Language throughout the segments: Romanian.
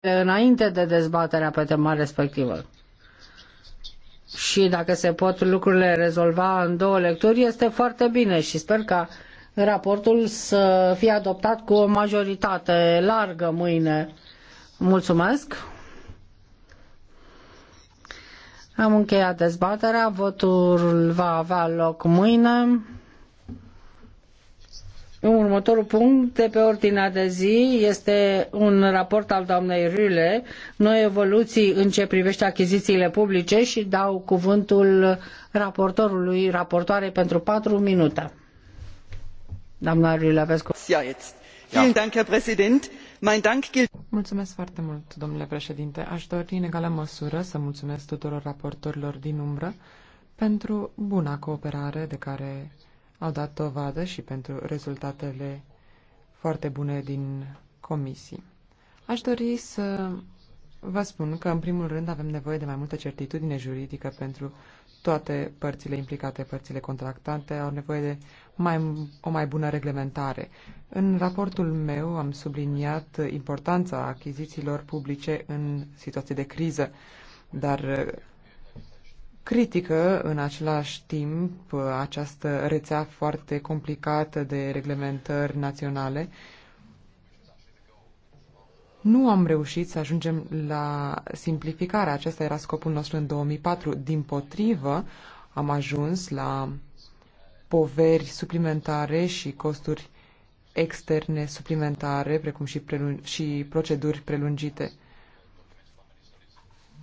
înainte de dezbaterea pe tema respectivă. Și dacă se pot lucrurile rezolva în două lecturi, este foarte bine și sper ca raportul să fie adoptat cu o majoritate largă mâine. Mulțumesc! Am încheiat dezbaterea, votul va avea loc mâine. Următorul punct de pe ordinea de zi este un raport al doamnei Rüle, noi evoluții în ce privește achizițiile publice și dau cuvântul raportorului, raportoare pentru patru minute. Doamna Rüle, aveți cuvântul. Mulțumesc foarte mult, domnule președinte. Aș dori în egală măsură să mulțumesc tuturor raportorilor din umbră pentru buna cooperare de care au dat dovadă și pentru rezultatele foarte bune din comisii. Aș dori să vă spun că, în primul rând, avem nevoie de mai multă certitudine juridică pentru toate părțile implicate, părțile contractante, au nevoie de mai, o mai bună reglementare. În raportul meu am subliniat importanța achizițiilor publice în situații de criză, dar critică în același timp această rețea foarte complicată de reglementări naționale. Nu am reușit să ajungem la simplificare. Acesta era scopul nostru în 2004. Din potrivă, am ajuns la poveri suplimentare și costuri externe suplimentare, precum și, prelung- și proceduri prelungite.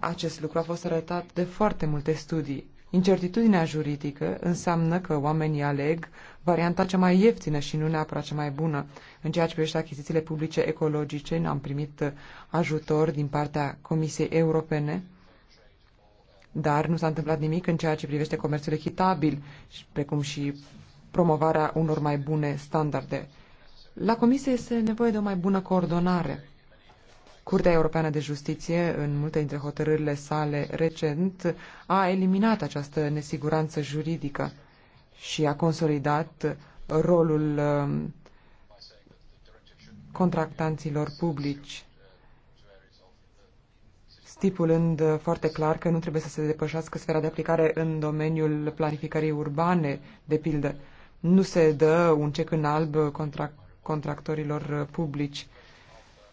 Acest lucru a fost arătat de foarte multe studii. Incertitudinea juridică înseamnă că oamenii aleg varianta cea mai ieftină și nu neapărat cea mai bună. În ceea ce privește achizițiile publice ecologice, am primit ajutor din partea Comisiei Europene, dar nu s-a întâmplat nimic în ceea ce privește comerțul echitabil, precum și promovarea unor mai bune standarde. La Comisie este nevoie de o mai bună coordonare. Curtea Europeană de Justiție, în multe dintre hotărârile sale recent, a eliminat această nesiguranță juridică și a consolidat rolul um, contractanților publici, stipulând foarte clar că nu trebuie să se depășească sfera de aplicare în domeniul planificării urbane, de pildă. Nu se dă un cec în alb contract, contractorilor publici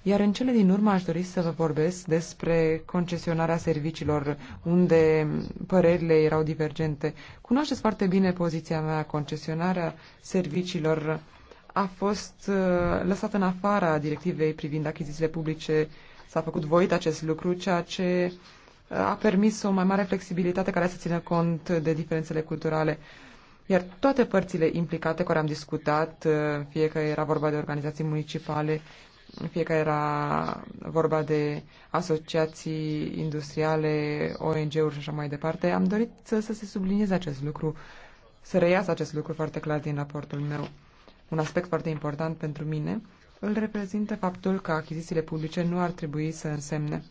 iar în cele din urmă aș dori să vă vorbesc despre concesionarea serviciilor, unde părerile erau divergente. Cunoașteți foarte bine poziția mea. Concesionarea serviciilor a fost uh, lăsată în afara directivei privind achizițiile publice. S-a făcut voit acest lucru, ceea ce uh, a permis o mai mare flexibilitate care să țină cont de diferențele culturale. Iar toate părțile implicate care am discutat, uh, fie că era vorba de organizații municipale, fie că era vorba de asociații industriale, ONG-uri și așa mai departe, am dorit să, să se sublinieze acest lucru, să reiasă acest lucru foarte clar din raportul meu. Un aspect foarte important pentru mine îl reprezintă faptul că achizițiile publice nu ar trebui să însemne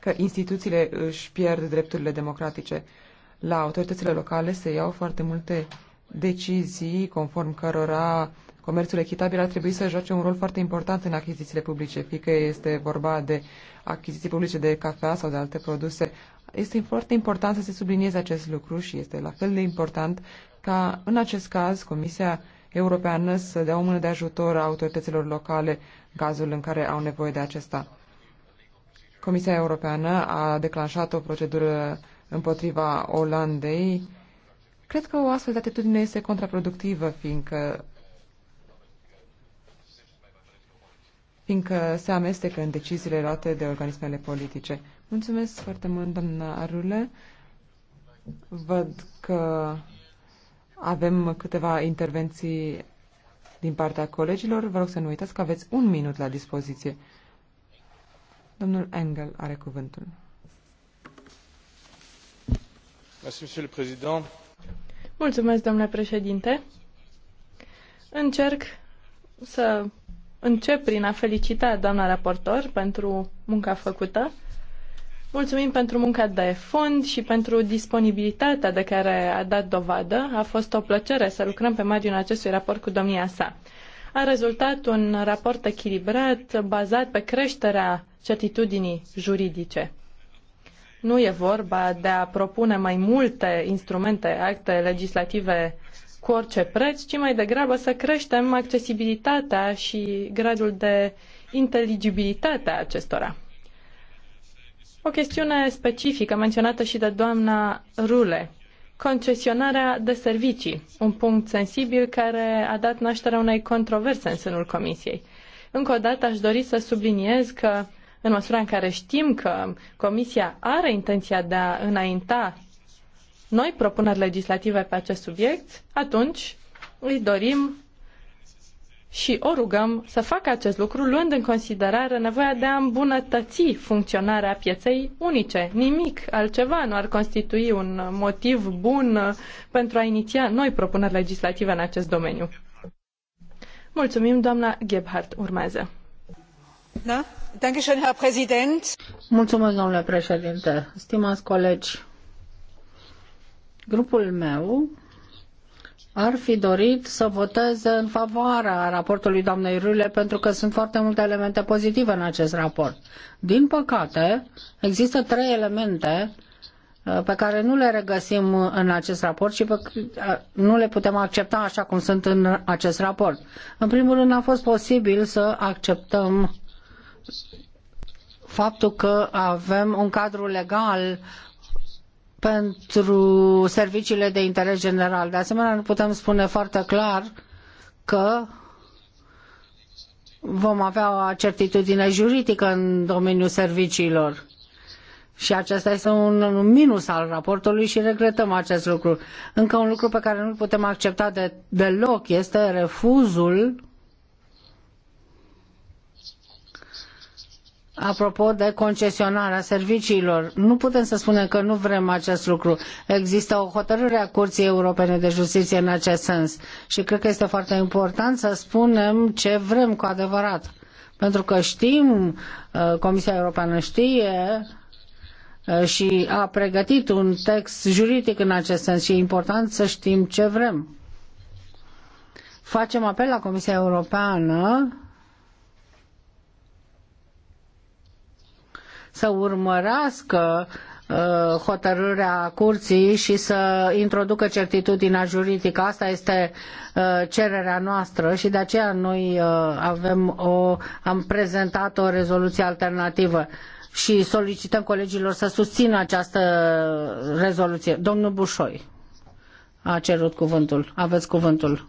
că instituțiile își pierd drepturile democratice. La autoritățile locale se iau foarte multe decizii conform cărora Comerțul echitabil ar trebui să joace un rol foarte important în achizițiile publice, fie că este vorba de achiziții publice de cafea sau de alte produse. Este foarte important să se sublinieze acest lucru și este la fel de important ca, în acest caz, Comisia Europeană să dea o mână de ajutor a autorităților locale în cazul în care au nevoie de acesta. Comisia Europeană a declanșat o procedură împotriva Olandei. Cred că o astfel de atitudine este contraproductivă, fiindcă fiindcă se amestecă în deciziile luate de organismele politice. Mulțumesc foarte mult, doamna Arule. Văd că avem câteva intervenții din partea colegilor. Vă rog să nu uitați că aveți un minut la dispoziție. Domnul Engel are cuvântul. Mulțumesc, domnule președinte. Încerc să încep prin a felicita doamna raportor pentru munca făcută. Mulțumim pentru munca de fond și pentru disponibilitatea de care a dat dovadă. A fost o plăcere să lucrăm pe marginea acestui raport cu domnia sa. A rezultat un raport echilibrat, bazat pe creșterea certitudinii juridice. Nu e vorba de a propune mai multe instrumente, acte legislative cu orice preț, ci mai degrabă să creștem accesibilitatea și gradul de inteligibilitate a acestora. O chestiune specifică menționată și de doamna Rule, concesionarea de servicii, un punct sensibil care a dat naștere unei controverse în sânul Comisiei. Încă o dată aș dori să subliniez că în măsura în care știm că Comisia are intenția de a înainta noi propuneri legislative pe acest subiect, atunci îi dorim și o rugăm să facă acest lucru luând în considerare nevoia de a îmbunătăți funcționarea pieței unice. Nimic altceva nu ar constitui un motiv bun pentru a iniția noi propuneri legislative în acest domeniu. Mulțumim, doamna Gebhardt. Urmează. Da? Mulțumesc, domnule președinte. Stimați colegi, Grupul meu ar fi dorit să voteze în favoarea raportului doamnei Râle pentru că sunt foarte multe elemente pozitive în acest raport. Din păcate, există trei elemente uh, pe care nu le regăsim în acest raport și pe, uh, nu le putem accepta așa cum sunt în acest raport. În primul rând, a fost posibil să acceptăm faptul că avem un cadru legal pentru serviciile de interes general. De asemenea, nu putem spune foarte clar că vom avea o certitudine juridică în domeniul serviciilor. Și acesta este un minus al raportului și regretăm acest lucru. Încă un lucru pe care nu-l putem accepta de, deloc este refuzul Apropo de concesionarea serviciilor, nu putem să spunem că nu vrem acest lucru. Există o hotărâre a Curții Europene de Justiție în acest sens și cred că este foarte important să spunem ce vrem cu adevărat. Pentru că știm, uh, Comisia Europeană știe uh, și a pregătit un text juridic în acest sens și e important să știm ce vrem. Facem apel la Comisia Europeană să urmărească uh, hotărârea curții și să introducă certitudinea juridică. Asta este uh, cererea noastră și de aceea noi uh, avem o, am prezentat o rezoluție alternativă și solicităm colegilor să susțină această rezoluție. Domnul Bușoi a cerut cuvântul. Aveți cuvântul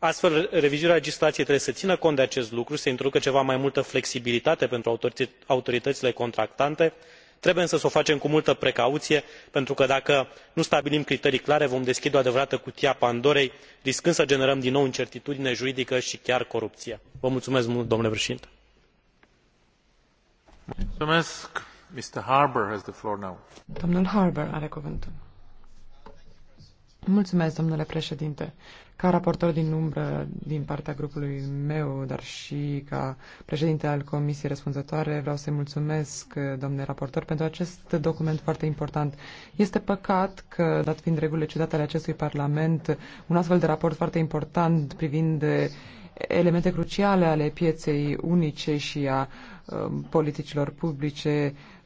astfel revizuirea legislaiei trebuie să ină cont de acest lucru să introducă ceva mai multă flexibilitate pentru autorităile contractante trebuie însă să o facem cu multă precauie pentru că dacă nu stabilim criterii clare vom deschide o adevărată cutie a pandorei riscând să generăm din nou incertitudine juridică i chiar corupie. Mulțumesc, domnule președinte. Ca raportor din umbră din partea grupului meu, dar și ca președinte al comisiei răspunzătoare, vreau să-i mulțumesc, domnule raportor, pentru acest document foarte important. Este păcat că, dat fiind regulile ciudate ale acestui Parlament, un astfel de raport foarte important privind elemente cruciale ale pieței unice și a uh, politicilor publice uh,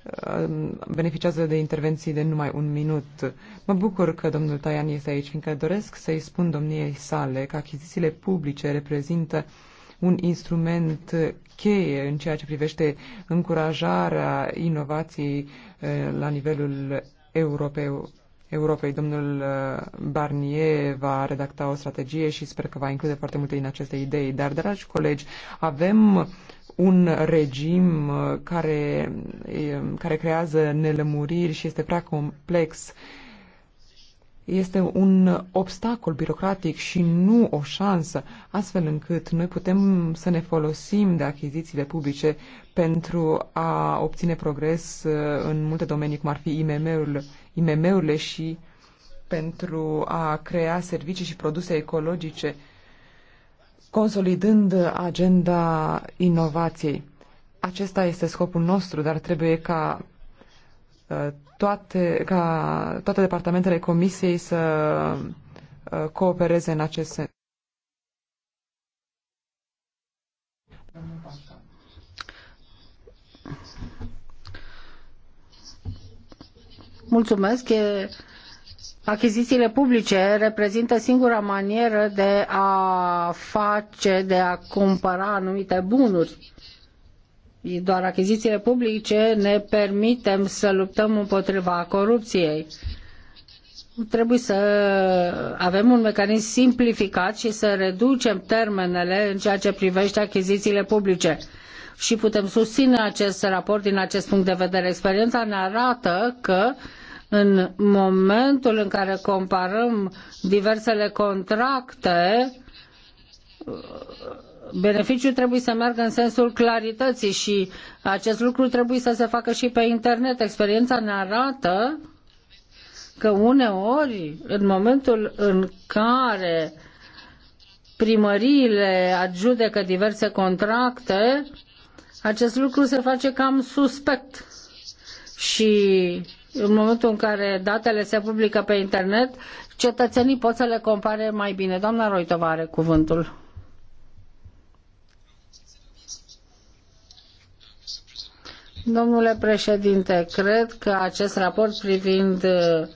beneficiază de intervenții de numai un minut. Mă bucur că domnul Taian este aici, fiindcă doresc să-i spun domniei sale că achizițiile publice reprezintă un instrument cheie în ceea ce privește încurajarea inovației eh, la nivelul europeu. Europei. Domnul eh, Barnier va redacta o strategie și sper că va include foarte multe din aceste idei. Dar, dragi colegi, avem un regim uh, care, uh, care creează nelămuriri și este prea complex este un obstacol birocratic și nu o șansă, astfel încât noi putem să ne folosim de achizițiile publice pentru a obține progres uh, în multe domenii, cum ar fi IMM-urile, imm și pentru a crea servicii și produse ecologice consolidând agenda inovației. Acesta este scopul nostru, dar trebuie ca uh, toate, ca toate departamentele Comisiei să uh, coopereze în acest sens. Mulțumesc. E Achizițiile publice reprezintă singura manieră de a face, de a cumpăra anumite bunuri. Doar achizițiile publice ne permitem să luptăm împotriva corupției. Trebuie să avem un mecanism simplificat și să reducem termenele în ceea ce privește achizițiile publice și putem susține acest raport din acest punct de vedere. Experiența ne arată că uh, în momentul în care comparăm diversele contracte, beneficiul trebuie să meargă în sensul clarității și acest lucru trebuie să se facă și pe internet. Experiența ne arată că uneori, în momentul în care primăriile adjudecă diverse contracte, acest lucru se face cam suspect. Și în momentul în care datele se publică pe internet, cetățenii pot să le compare mai bine. Doamna Roitova are cuvântul. Domnule președinte, cred că acest raport privind uh,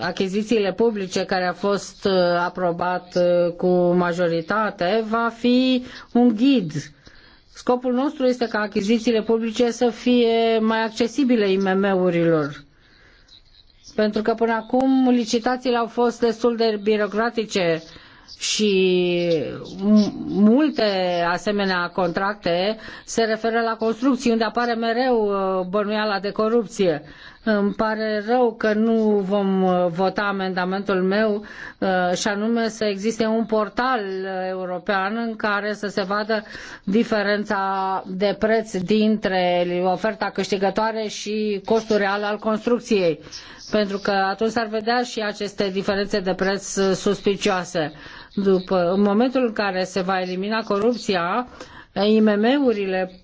achizițiile publice care a fost uh, aprobat uh, cu majoritate va fi un ghid Scopul nostru este ca achizițiile publice să fie mai accesibile IMM-urilor. Pentru că până acum licitațiile au fost destul de birocratice și multe asemenea contracte se referă la construcții unde apare mereu uh, bănuiala de corupție. Îmi pare rău că nu vom uh, vota amendamentul meu uh, și anume să existe un portal uh, european în care să se vadă diferența de preț dintre oferta câștigătoare și costul real al construcției. Pentru că atunci s-ar vedea și aceste diferențe de preț suspicioase. După, în momentul în care se va elimina corupția, IMM-urile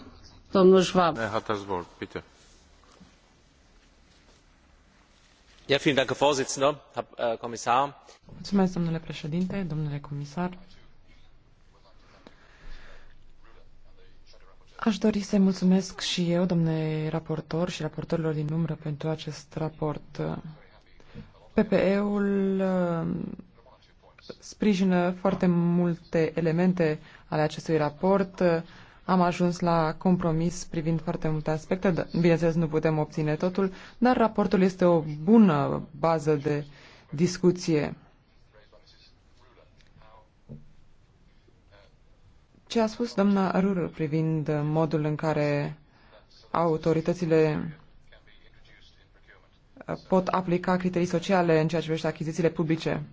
Domnul Schwab. Äh, mulțumesc, domnule președinte, domnule comisar. Aș dori să mulțumesc și eu, domnule raportor și raportorilor din umbră, pentru acest raport. PPE-ul uh, sprijină foarte multe elemente ale acestui raport am ajuns la compromis privind foarte multe aspecte. Bineînțeles, nu putem obține totul, dar raportul este o bună bază de discuție. Ce a spus doamna Rură privind modul în care autoritățile pot aplica criterii sociale în ceea ce privește achizițiile publice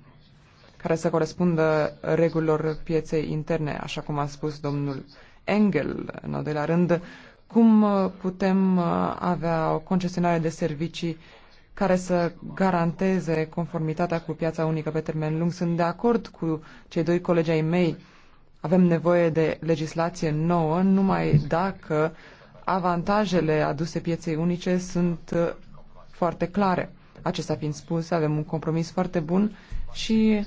care să corespundă regulilor pieței interne, așa cum a spus domnul Engel, în al doilea rând, cum uh, putem uh, avea o concesionare de servicii care să garanteze conformitatea cu piața unică pe termen lung. Sunt de acord cu cei doi colegi ai mei. Avem nevoie de legislație nouă numai dacă avantajele aduse pieței unice sunt uh, foarte clare. Acesta fiind spus, avem un compromis foarte bun și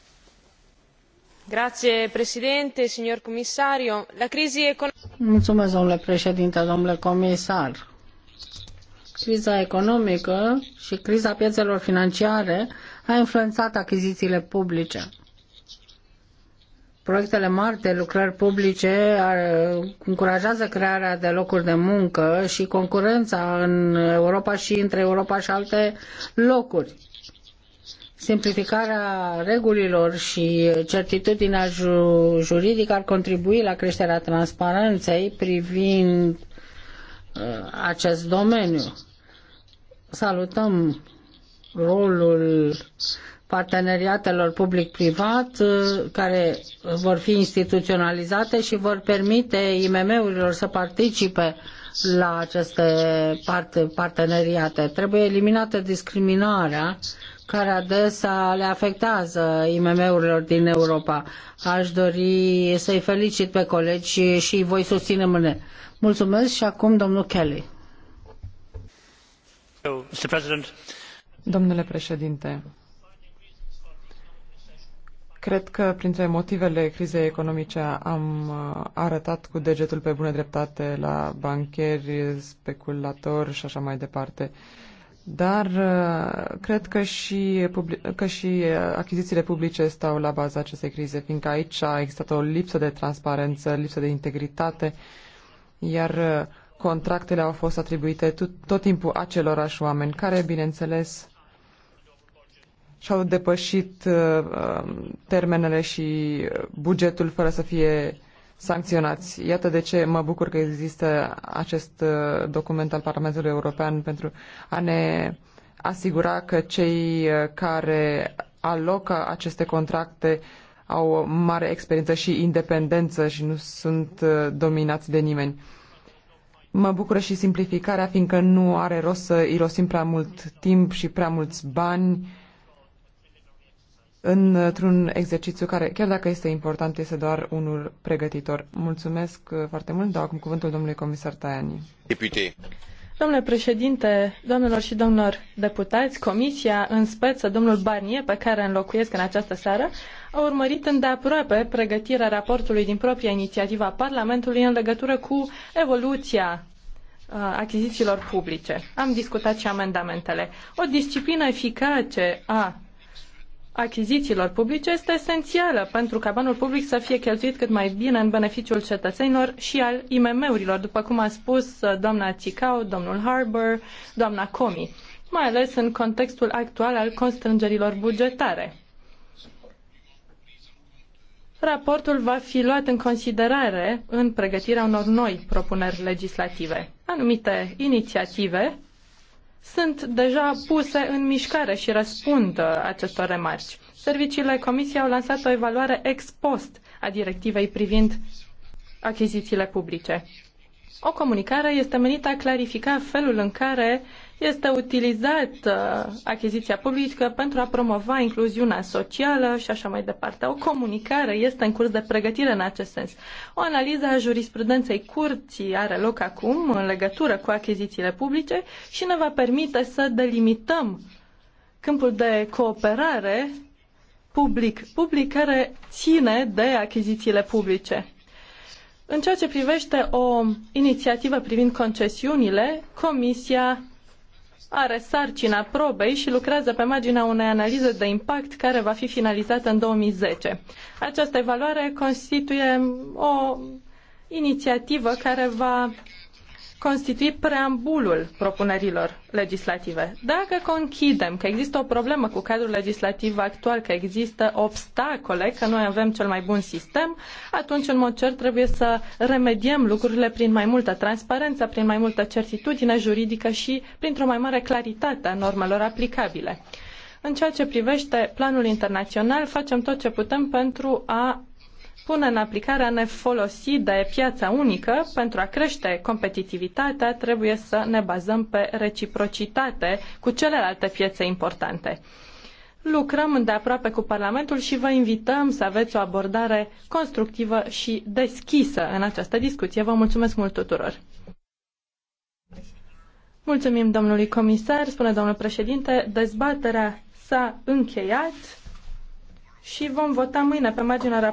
domnule președinte, domnule comisar. Criza economică și criza piețelor financiare a influențat achizițiile publice. Proiectele mari de lucrări publice uh, încurajează crearea de locuri de muncă și concurența în Europa și între Europa și alte locuri Simplificarea regulilor și certitudinea juridică ar contribui la creșterea transparenței privind uh, acest domeniu. Salutăm rolul parteneriatelor public-privat uh, care vor fi instituționalizate și vor permite IMM-urilor să participe la aceste parteneriate. Trebuie eliminată discriminarea care adesea le afectează IMM-urilor din Europa. Aș dori să-i felicit pe colegi și, și voi susține mâine. Mulțumesc și acum domnul Kelly. Domnule președinte, Cred că printre motivele crizei economice am uh, arătat cu degetul pe bună dreptate la bancheri, speculatori și așa mai departe. Dar uh, cred că și, că și uh, achizițiile publice stau la baza acestei crize, fiindcă aici a existat o lipsă de transparență, lipsă de integritate, iar contractele au fost atribuite tot, tot timpul acelorași oameni care, bineînțeles, și-au depășit uh, um, termenele și bugetul fără să fie sancționați. Iată de ce mă bucur că există acest uh, document al Parlamentului European pentru a ne asigura că cei uh, care alocă aceste contracte au mare experiență și independență și nu sunt uh, dominați de nimeni. Mă bucură și simplificarea, fiindcă nu are rost să irosim prea mult timp și prea mulți bani într-un exercițiu care, chiar dacă este important, este doar unul pregătitor. Mulțumesc uh, foarte mult, dau acum cuvântul domnului comisar Tajani. Depute. Domnule președinte, domnilor și domnilor deputați, comisia, în speță domnul Barnier, pe care înlocuiesc în această seară, a urmărit îndeaproape pregătirea raportului din propria inițiativă a Parlamentului în legătură cu evoluția uh, achizițiilor publice. Am discutat și amendamentele. O disciplină eficace a achizițiilor publice este esențială pentru ca banul public să fie cheltuit cât mai bine în beneficiul cetățenilor și al IMM-urilor, după cum a spus uh, doamna Țicau, domnul Harbour, doamna Comi, mai ales în contextul actual al constrângerilor bugetare. Raportul va fi luat în considerare în pregătirea unor noi propuneri legislative. Anumite inițiative sunt deja puse în mișcare și răspund uh, acestor remarci. Serviciile Comisiei au lansat o evaluare ex post a directivei privind achizițiile publice. O comunicare este menită a clarifica felul în care este utilizată uh, achiziția publică pentru a promova incluziunea socială și așa mai departe. O comunicare este în curs de pregătire în acest sens. O analiză a jurisprudenței curții are loc acum în legătură cu achizițiile publice și ne va permite să delimităm câmpul de cooperare public-public care ține de achizițiile publice. În ceea ce privește o inițiativă privind concesiunile, Comisia are sarcina probei și lucrează pe marginea unei analize de impact care va fi finalizată în 2010. Această evaluare constituie o inițiativă care va constitui preambulul propunerilor legislative. Dacă conchidem că există o problemă cu cadrul legislativ actual, că există obstacole, că noi avem cel mai bun sistem, atunci în mod cert trebuie să remediem lucrurile prin mai multă transparență, prin mai multă certitudine juridică și printr-o mai mare claritate a normelor aplicabile. În ceea ce privește planul internațional, facem tot ce putem pentru a pune în aplicare a ne folosi de piața unică pentru a crește competitivitatea, trebuie să ne bazăm pe reciprocitate cu celelalte piețe importante. Lucrăm îndeaproape cu Parlamentul și vă invităm să aveți o abordare constructivă și deschisă în această discuție. Vă mulțumesc mult tuturor! Mulțumim domnului comisar, spune domnul președinte, dezbaterea s-a încheiat și vom vota mâine pe marginea